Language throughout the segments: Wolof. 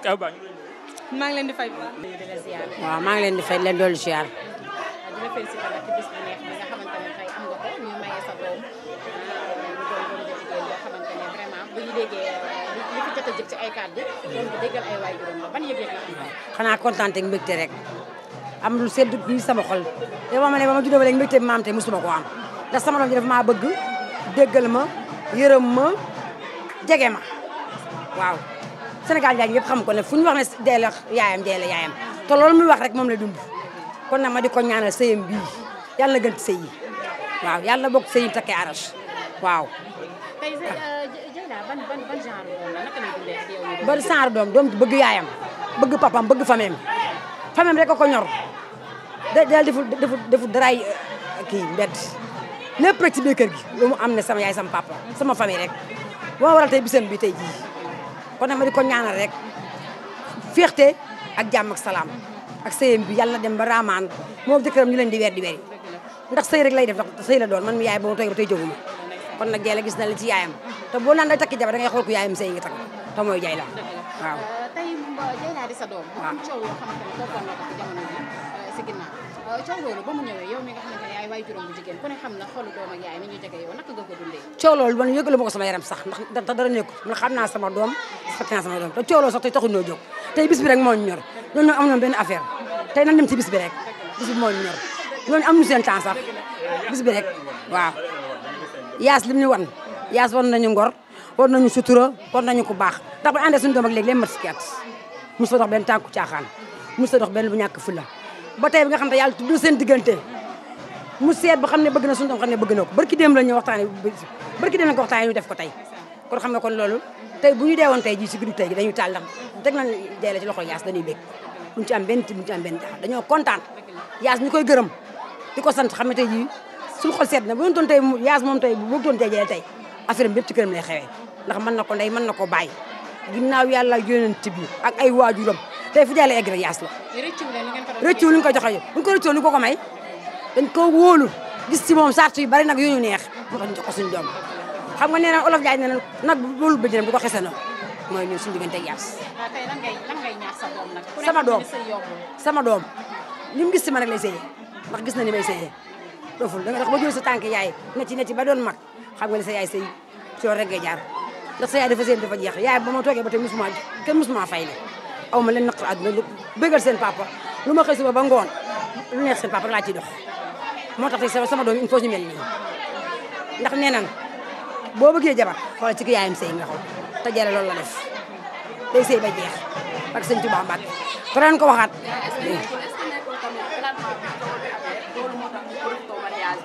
maa ngi leen di fay bu baax. waaw maa ngi leen di fay leen xanaa kontaan ak mbégte rek am lu sedd bi sama xol te ma ne ba ma juddoo ba léegi mbégte bi ma am te musuma ko am ndax sama doom ji dafa maa ma yërëm ma jege ma waaw Sénégal jaay ñëpp xam ko ne fu ñu wax ne dee la yaayam dee la yaayam loolu muy wax rek moom la dund kon na ma di ko ñaanal sëyam bii yàlla na gën ci sëy yi waaw yàlla bokk sëy yi takkee euh, arrache doom doom doom bëgg yaayam bëgg papam bëgg fameem fameem rek ko ñor da daal deful deful euh, kii mbedd lépp rek ci biir kër gi lu mu am ne sama yaay sama papa sama famille rek boo waral tey bisam bi tey jii. kona nag ma di ak jam ak salaam ak sëyam bi yàlla na dem ba raamaan moom jëkkëram ñu leen di weer di weer ndax sëy rek lay def ndax sëy la doon man mi yaay ba ma tooy ba tey jóguma kon nag Dieyla gis na la ci yaayam te boo naan day takki jabar da ngay xool ku yaayam sëy nga takk te mooy Dieyla waaw. Euh, tey sa doom. coow loolu ba mu ñëwee yow mi nga xamante ne yaay waay juróom xam na xolu doom ak yaay ni ñu jege yow naka nga sama yaram sax ndax te dara xam naa sama doom respecté naa sama doom te coow sax tey taxuñ noo jóg tey bis bi rek moo ñor loolu nag am na benn affaire tey nan dem ci bis bi rek bis moo ñor loolu am ñu seen temps sax bis bi rek waaw yaas lim ñu wan yaas wan nañu ngor wan nañu sutura wan nañu ku baax ndax ba àndee suñu doom ak léegi leen mat si kett mos ta dox benn tànku caaxaan mos ta dox benn bu ñàkk fulla ba tey bi nga xam ne yàlla tudd seen diggante mu seet ba xam ne bëgg na suñu doom xam ne bëgg na ko barki dem la ñu waxtaane barki dem la ko waxtaane ñu def ko tey kon xam ne kon loolu tey bu ñu deewoon tey ji si guddi tey gi dañu taal ndax teg nañ jay la ci loxo yaas dañuy bég duñ ci am benn ti duñ ci am benn tax dañoo kontaan yaas ñu koy gërëm di ko sant xam ne tey ji suñu xol seet na bu doon tey yaas moom tey bu bëggoon tey jëlee tey affaire am bépp ci këram lay xewee ndax mën na ko ndey mën na ko bàyyi ginnaaw yàlla yonent bi ak ay waajuram tey fu jaay la egg rek yaas la rëccu luñ ko joxe yow buñ ko rëccoo lu ko ko may dañ ko wóolu gis ci moom sartu yu bari nag yu ñu neex moo tax ñu jox ko suñu doom xam nga nee na olof jaay nee na nag boolu bëjënam bu ko xesanoo mooy ñun suñu diggante yaas sama doom sama doom li mu gis ci man rek lay séyee ndax gis na ni may séyee doful da nga dox ba jël sa tànk yaay ne ci ne ci ba doon mag xam nga li sa yaay sëy soo rek ngay jaar ndax sa yaay dafa seen dafa jeex yaay ba ma toogee ba tey musuma kenn musuma fay ne aw ma leen naqar àdduna lu bëggal seen papa lu ma xëy suba ba ngoon lu neex seen papa laa ciy dox moo tax tey sama doom il faut ñu mel nii ndax nee nan boo bëggee jabar xoolal ci ki yaayam sëy nga xool te jare loolu la def day sëy ba jeex ak sëñ Tuubaa Mbàkke te ren ko waxaat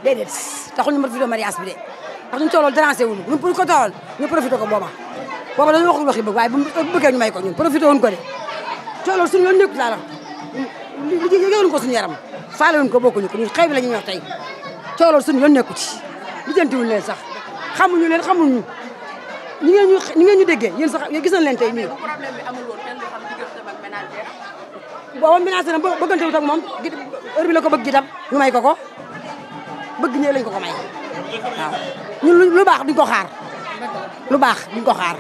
déedéet taxul ñu profité mariage bi de ndax ñu toolool dérangé wuñu ñun pour ko tool ñu profité ko booba booba dañu waxul waxi bëgg waaye bu bëggee ñu may ko ñun profité woon ko loolu suñu yoon nekku daala yëgaluñu ko suñu yaram faaleluñu ko bokkuñu ko ñu xëy bi la ñuy wax tey coolool suñu yoon nekku ci lijjantiwuñu leen sax xamuñu leen xamuñu ñi ngeen ñu ñi ngeen ñu déggee yéen sax gis nañ leen tey nii booba ménage na bëggante wut ak moom heure bi la ko bëgg itam ñu may ko ko bëgg ñëw ko ko may waaw ñun lu baax duñ ko xaar lu baax duñ ko xaar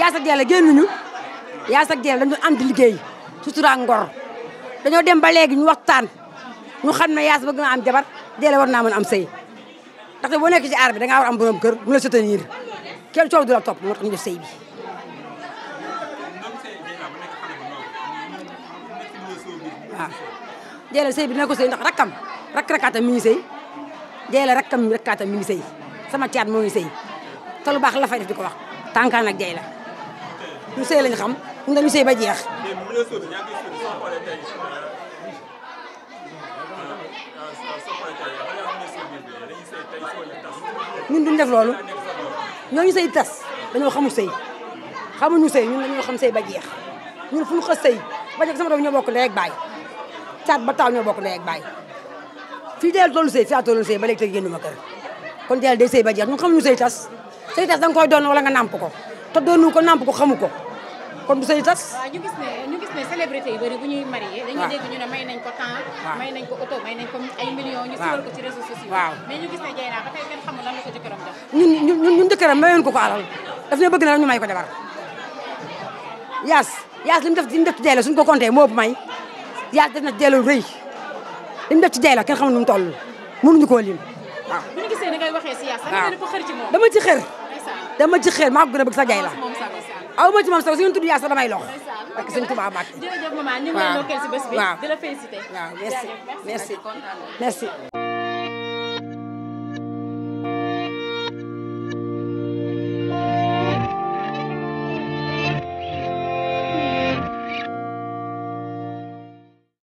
yaas ak Jalle génnuñu yaas ak Jalle dañu am di liggéey sutura ngor dañoo dem ba léegi ñu waxtaan ñu xam na yaas ba naa am jabar Jalle war naa mën am sëy ndaxte boo nekk ci aar bi da ngaa war am borom kër mu la soutenir kenn coow du la topp moo tax ñu def sëy bi. waaw Jalle bi dina ko sëy ndax rakkam rakk rakkaatam mi ngi sëy Jalle rakkam rakkaatam mi ngi sëy sama caat moo ngi sey te lu baax la fay di ko wax tànkaan ak Jalle la. ñu sëy lañ xam mu nga ñu sëy ba jeex. ñun duñ def loolu ñooñu sëy tas dañoo xamu sëy xamuñu sëy ñun dañoo xam sëy ba jeex ñu xas sey ba jeex sama doom ñoo bokk ndey ak baay caat ba taaw ñoo bokk ndey ak baay fii deel tollu sëy fii a tollu sëy ba léegi te génn ma kër kon deel day sëy ba ñu ñun xamuñu sëy tas sëy tas danga koy doon wala nga nàmp ko te doonu ko nàmp ko xamu ko kon bu say tas. waaw ñu gis ne ñu gis célébrité yu bëri bu ñuy marié. dañuy dégg ñu ne may nañ ko temps. may nañ ko oto may nañ ko ay millions. ñu siwal ko ci réseaux sociaux. waaw mais ñu gis ne Dieyna ba tey kenn xamul ko ko ko bëgg na rek ñu may ko jabar yaas yaas li mu def li mu def ko compté moo bu may yaas na Dieyla rëy li mu def ci Dieyla kenn xamul nu mu toll mënuñu koo lim waaw. bu ñu gisee ni ngay waxee si yaas. waaw dama ci xër dama ci xeer maa gën a bëgg sa jaay la aw ma ci moom sax suñu tudd yaa sax damay lox ak suñ tubaab màgg jërëjëf maman ñu ngi lay ndokkeel si bés bi di la féliciter waaw merci merci merci